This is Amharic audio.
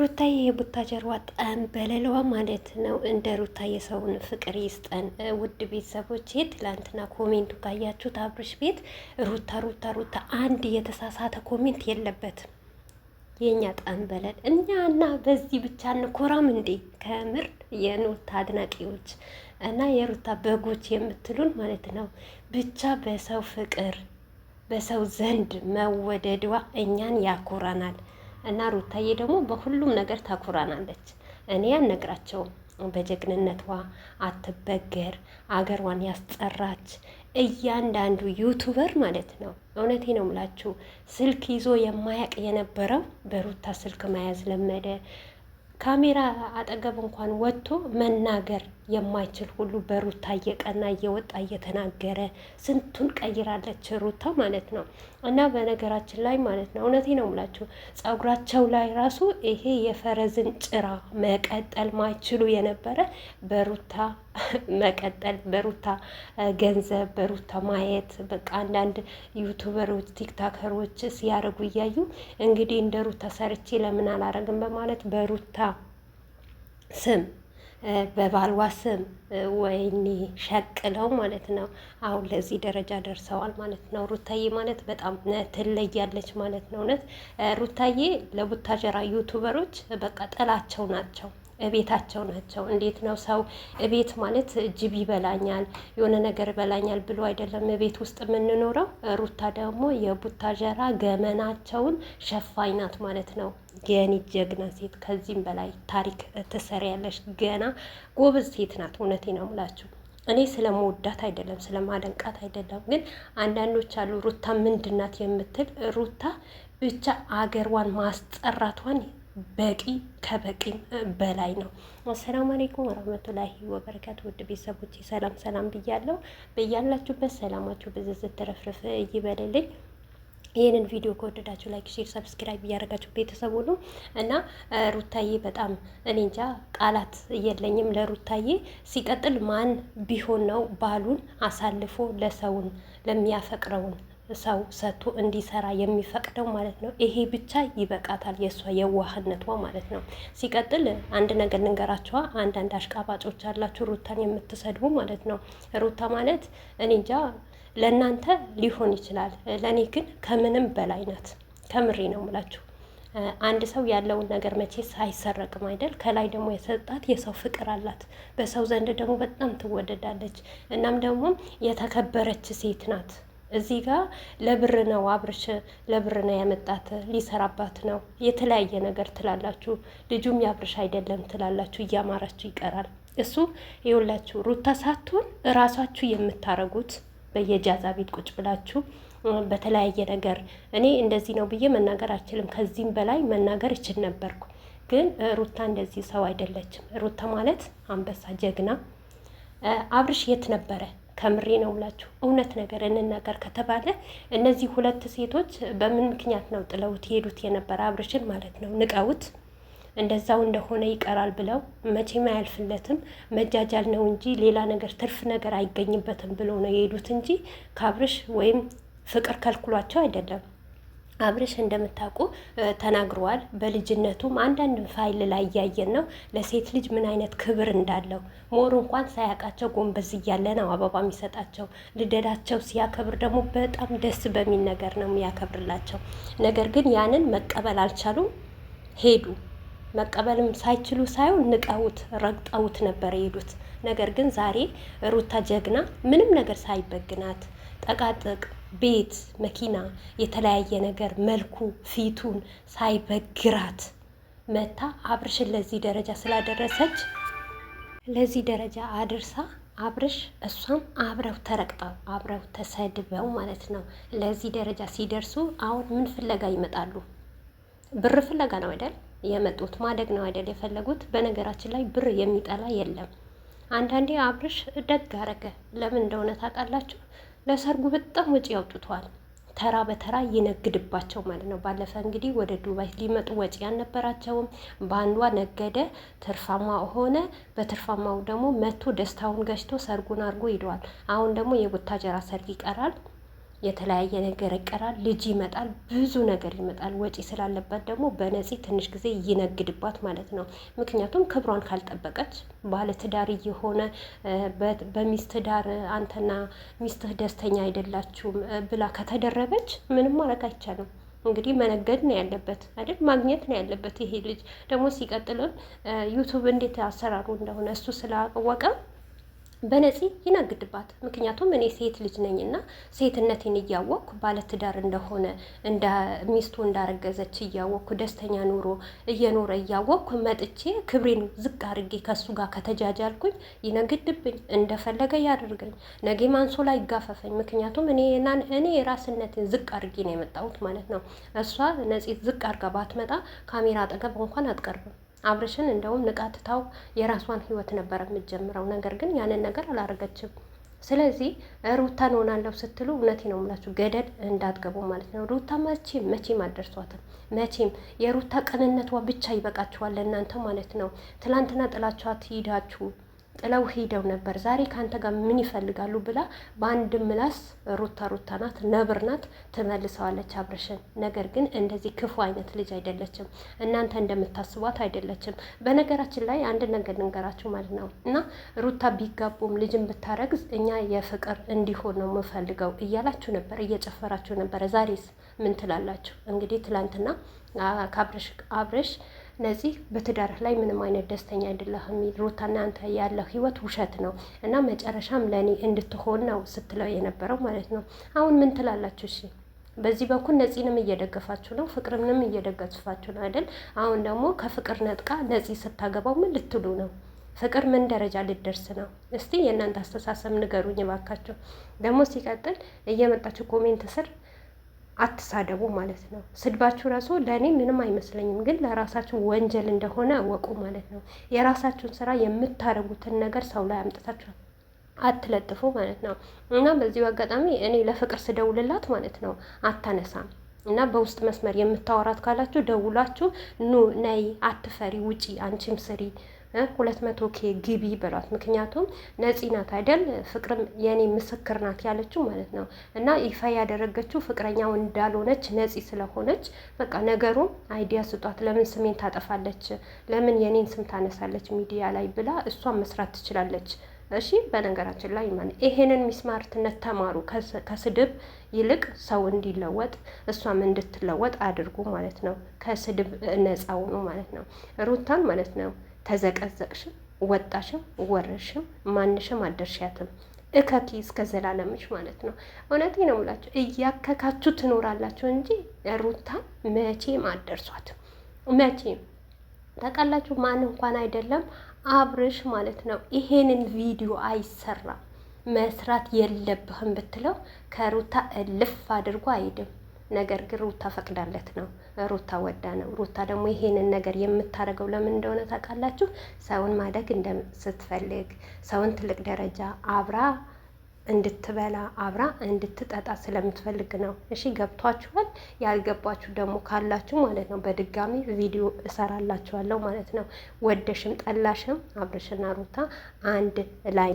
ሩታዬ የቡታ ጀርባ ጣም በሌለዋ ማለት ነው። እንደ ሩታ የሰውን ፍቅር ይስጠን። ውድ ቤተሰቦች ትላንትና ኮሜንቱ ካያችሁት አብርሽ ቤት ሩታ ሩታ ሩታ አንድ የተሳሳተ ኮሜንት የለበትም። የእኛ ጣም በለል እኛ እና በዚህ ብቻ እንኮራም እንዴ? ከምር የሩታ አድናቂዎች እና የሩታ በጎች የምትሉን ማለት ነው ብቻ በሰው ፍቅር በሰው ዘንድ መወደድዋ እኛን ያኮራናል። እና ሩታዬ ደግሞ በሁሉም ነገር ታኩራናለች። እኔ አልነግራቸውም በጀግንነቷ አትበገር አገሯን ያስጠራች እያንዳንዱ ዩቱበር ማለት ነው። እውነቴ ነው ምላችሁ ስልክ ይዞ የማያቅ የነበረው በሩታ ስልክ መያዝ ለመደ። ካሜራ አጠገብ እንኳን ወጥቶ መናገር የማይችል ሁሉ በሩታ እየቀና እየወጣ እየተናገረ ስንቱን ቀይራለች ሩታ ማለት ነው። እና በነገራችን ላይ ማለት ነው እውነቴ ነው የምላችሁ ጸጉራቸው ላይ ራሱ ይሄ የፈረዝን ጭራ መቀጠል ማይችሉ የነበረ በሩታ መቀጠል በሩታ ገንዘብ በሩታ ማየት በቃ አንዳንድ ዩቱበሮች ቲክታከሮች ሲያደርጉ እያዩ እንግዲህ እንደ ሩታ ሰርቼ ለምን አላረግም በማለት በሩታ ስም በባልዋ ስም ወይኔ ሸቅለው ማለት ነው። አሁን ለዚህ ደረጃ ደርሰዋል ማለት ነው። ሩታዬ ማለት በጣም ትለያለች ማለት ነው። እውነት ሩታዬ ለቡታጀራ ዩቱበሮች በቃ ጥላቸው ናቸው። እቤታቸው ናቸው። እንዴት ነው ሰው እቤት ማለት ጅብ ይበላኛል፣ የሆነ ነገር ይበላኛል ብሎ አይደለም እቤት ውስጥ የምንኖረው። ሩታ ደግሞ የቡታጀራ ገመናቸውን ሸፋኝ ናት ማለት ነው። የኔ ጀግና ሴት ከዚህም በላይ ታሪክ ትሰሪያለሽ። ገና ጎበዝ ሴት ናት። እውነቴ ነው የምላችሁ እኔ ስለመወዳት አይደለም ማደንቃት አይደለም፣ ግን አንዳንዶች አሉ ሩታ ምንድናት የምትል ሩታ ብቻ አገርዋን ማስጠራቷን በቂ ከበቂም በላይ ነው። አሰላሙ አሌይኩም ወረህመቱላሂ ወበረካቱ። ውድ ቤተሰቦች ሰላም ሰላም ብያለሁ። በያላችሁበት ሰላማችሁ ብዝዝት ተረፍርፍ ይበልልኝ። ይህንን ቪዲዮ ከወደዳችሁ ላይክ፣ ሼር፣ ሰብስክራይብ እያደረጋችሁ ቤተሰብ ሁሉ እና ሩታዬ በጣም እኔ እንጃ ቃላት የለኝም ለሩታዬ። ሲቀጥል ማን ቢሆን ነው ባሉን አሳልፎ ለሰውን ለሚያፈቅረውን ሰው ሰጥቶ እንዲሰራ የሚፈቅደው ማለት ነው። ይሄ ብቻ ይበቃታል፣ የእሷ የዋህነቷ ማለት ነው። ሲቀጥል አንድ ነገር ልንገራችኋ፣ አንዳንድ አሽቃባጮች አላችሁ ሩታን የምትሰድቡ ማለት ነው። ሩታ ማለት እኔ እንጃ ለእናንተ ሊሆን ይችላል፣ ለእኔ ግን ከምንም በላይ ናት። ከምሬ ነው ምላችሁ። አንድ ሰው ያለውን ነገር መቼ አይሰረቅም አይደል? ከላይ ደግሞ የሰጣት የሰው ፍቅር አላት። በሰው ዘንድ ደግሞ በጣም ትወደዳለች። እናም ደግሞ የተከበረች ሴት ናት። እዚህ ጋር ለብር ነው አብርሽ ለብር ነው ያመጣት፣ ሊሰራባት ነው የተለያየ ነገር ትላላችሁ። ልጁም የአብርሽ አይደለም ትላላችሁ፣ እያማራችሁ ይቀራል። እሱ ይኸውላችሁ ሩታ ሳትሆን እራሳችሁ የምታረጉት በየጃዛ ቤት ቁጭ ብላችሁ በተለያየ ነገር እኔ እንደዚህ ነው ብዬ መናገር አልችልም። ከዚህም በላይ መናገር ይችል ነበርኩ፣ ግን ሩታ እንደዚህ ሰው አይደለችም። ሩታ ማለት አንበሳ ጀግና። አብርሽ የት ነበረ? ከምሬ ነው ብላችሁ እውነት ነገር እንናገር ከተባለ እነዚህ ሁለት ሴቶች በምን ምክንያት ነው ጥለውት ሄዱት የነበረ አብርሽን ማለት ነው ንቀውት እንደዛው እንደሆነ ይቀራል ብለው መቼም አያልፍለትም። መጃጃል ነው እንጂ ሌላ ነገር ትርፍ ነገር አይገኝበትም ብሎ ነው የሄዱት እንጂ ከአብርሽ ወይም ፍቅር ከልክሏቸው አይደለም። አብርሽ እንደምታውቁ ተናግረዋል። በልጅነቱም አንዳንድ ፋይል ላይ እያየን ነው ለሴት ልጅ ምን አይነት ክብር እንዳለው ሞር እንኳን ሳያውቃቸው ጎንበዝ እያለ ነው አበባ የሚሰጣቸው። ልደዳቸው ሲያከብር ደግሞ በጣም ደስ በሚል ነገር ነው የሚያከብርላቸው። ነገር ግን ያንን መቀበል አልቻሉም፣ ሄዱ። መቀበልም ሳይችሉ ሳይሆን ንቀውት ረግጠውት ነበር የሄዱት። ነገር ግን ዛሬ ሩታ ጀግና ምንም ነገር ሳይበግናት ጠቃጥቅ ቤት፣ መኪና፣ የተለያየ ነገር መልኩ ፊቱን ሳይበግራት መታ አብርሽን ለዚህ ደረጃ ስላደረሰች ለዚህ ደረጃ አድርሳ አብርሽ እሷም አብረው ተረቅጠው አብረው ተሰድበው ማለት ነው። ለዚህ ደረጃ ሲደርሱ አሁን ምን ፍለጋ ይመጣሉ? ብር ፍለጋ ነው አይደል የመጡት? ማደግ ነው አይደል የፈለጉት? በነገራችን ላይ ብር የሚጠላ የለም። አንዳንዴ አብርሽ ደግ አረገ። ለምን እንደሆነ ታውቃላችሁ? ለሰርጉ በጣም ወጪ ያውጡቷል ተራ በተራ እየነግድባቸው ማለት ነው። ባለፈ እንግዲህ ወደ ዱባይ ሊመጡ ወጪ አልነበራቸውም። በአንዷ ነገደ፣ ትርፋማ ሆነ። በትርፋማው ደግሞ መቶ ደስታውን ገዝቶ ሰርጉን አድርጎ ሂደዋል። አሁን ደግሞ የቡታጀራ ሰርግ ይቀራል። የተለያየ ነገር ይቀራል፣ ልጅ ይመጣል፣ ብዙ ነገር ይመጣል። ወጪ ስላለባት ደግሞ በነፂ ትንሽ ጊዜ ይነግድባት ማለት ነው። ምክንያቱም ክብሯን ካልጠበቀች ባለ ትዳር እየሆነ በሚስት አንተና ሚስትህ ደስተኛ አይደላችሁም ብላ ከተደረበች ምንም ማድረግ አይቻልም። እንግዲህ መነገድ ነው ያለበት አይደል? ማግኘት ነው ያለበት ይሄ ልጅ ደግሞ ሲቀጥልም ዩቱብ እንዴት አሰራሩ እንደሆነ እሱ ስላወቀ በነፂ ይነግድባት። ምክንያቱም እኔ ሴት ልጅ ነኝና ሴትነቴን እያወቅኩ ባለትዳር እንደሆነ ሚስቱ እንዳረገዘች እያወቅኩ ደስተኛ ኑሮ እየኖረ እያወቅኩ መጥቼ ክብሬን ዝቅ አድርጌ ከሱ ጋር ከተጃጃልኩኝ ይነግድብኝ፣ እንደፈለገ ያደርገኝ፣ ነገ ማንሶ ላይ ይጋፈፈኝ። ምክንያቱም እኔ እኔ የራስነትን ዝቅ አድርጌ ነው የመጣሁት ማለት ነው። እሷ ነፂ ዝቅ አድርጋ ባትመጣ ካሜራ አጠገብ እንኳን አትቀርብም። አብርሽን እንደውም ንቃትታው የራሷን ህይወት ነበር የምትጀምረው። ነገር ግን ያንን ነገር አላረገችም። ስለዚህ ሩታን ሆናለሁ ስትሉ እውነቴ ነው የምላችሁ ገደል እንዳትገቡ ማለት ነው። ሩታ መቼም መቼም አደርሷትም። መቼም የሩታ ቅንነቷ ብቻ ይበቃችኋል ለእናንተ ማለት ነው። ትላንትና ጥላችኋት ሂዳችሁ ጥለው ሄደው ነበር። ዛሬ ከአንተ ጋር ምን ይፈልጋሉ ብላ በአንድ ምላስ ሩታ ሩታ ናት፣ ነብር ናት ትመልሰዋለች አብርሽን። ነገር ግን እንደዚህ ክፉ አይነት ልጅ አይደለችም፣ እናንተ እንደምታስቧት አይደለችም። በነገራችን ላይ አንድ ነገር ልንገራችሁ ማለት ነው እና ሩታ ቢጋቡም ልጅን ብታረግዝ እኛ የፍቅር እንዲሆን ነው የምፈልገው እያላችሁ ነበር፣ እየጨፈራችሁ ነበረ። ዛሬስ ምን ትላላችሁ? እንግዲህ ትላንትና ከአብርሽ እነዚህ በትዳርህ ላይ ምንም አይነት ደስተኛ አይደለህም። ሩታ አንተ ያለ ህይወት ውሸት ነው እና መጨረሻም ለእኔ እንድትሆን ነው ስትለው የነበረው ማለት ነው። አሁን ምን ትላላችሁ? እሺ በዚህ በኩል ነፂንም እየደገፋችሁ ነው፣ ፍቅርንም እየደገፋችሁ ነው አይደል? አሁን ደግሞ ከፍቅር ነጥቃ ነፂ ስታገባው ምን ልትሉ ነው? ፍቅር ምን ደረጃ ልደርስ ነው? እስቲ የእናንተ አስተሳሰብ ንገሩኝ ባካችሁ። ደግሞ ሲቀጥል እየመጣችሁ ኮሜንት ስር አትሳደቡ ማለት ነው። ስድባችሁ ራሱ ለእኔ ምንም አይመስለኝም፣ ግን ለራሳችሁ ወንጀል እንደሆነ እወቁ ማለት ነው። የራሳችሁን ስራ የምታደርጉትን ነገር ሰው ላይ አምጥታችሁ አትለጥፉ ማለት ነው። እና በዚሁ አጋጣሚ እኔ ለፍቅር ስደውልላት ማለት ነው አታነሳም እና በውስጥ መስመር የምታወራት ካላችሁ ደውላችሁ ኑ ነይ፣ አትፈሪ፣ ውጪ፣ አንቺም ስሪ ሁለት መቶ ኬ ግቢ ብሏት ምክንያቱም ነፂ ናት አይደል? ፍቅርም የኔ ምስክር ናት ያለችው ማለት ነው። እና ይፋ ያደረገችው ፍቅረኛው እንዳልሆነች ነፂ ስለሆነች በቃ ነገሩ አይዲያ ስጧት። ለምን ስሜን ታጠፋለች? ለምን የኔን ስም ታነሳለች ሚዲያ ላይ ብላ እሷን መስራት ትችላለች። እሺ በነገራችን ላይ ማለት ይሄንን ሚስማርትነት ተማሩ። ከስድብ ይልቅ ሰው እንዲለወጥ እሷም እንድትለወጥ አድርጉ ማለት ነው። ከስድብ ነፃ ሁኑ ማለት ነው። ሩታን ማለት ነው ተዘቀዘቅሽም፣ ወጣሽም፣ ወረሽም፣ ማንሽም አደርሻትም እከኪ እስከ ዘላለምሽ ማለት ነው። እውነቴ ነው ሙላችሁ እያከካችሁ ትኖራላችሁ እንጂ ሩታ መቼም አደርሷትም። መቼም ታውቃላችሁ፣ ማን እንኳን አይደለም አብርሽ ማለት ነው ይሄንን ቪዲዮ አይሰራም መስራት የለብህም ብትለው ከሩታ እልፍ አድርጎ አይድም። ነገር ግን ሩታ ፈቅዳለት ነው። ሩታ ወዳ ነው። ሩታ ደግሞ ይሄንን ነገር የምታደርገው ለምን እንደሆነ ታውቃላችሁ? ሰውን ማደግ ስትፈልግ ሰውን ትልቅ ደረጃ አብራ እንድትበላ አብራ እንድትጠጣ ስለምትፈልግ ነው። እሺ ገብቷችኋል? ያልገባችሁ ደግሞ ካላችሁ ማለት ነው በድጋሚ ቪዲዮ እሰራላችኋለሁ ማለት ነው። ወደሽም ጠላሽም አብርሽና ሩታ አንድ ላይ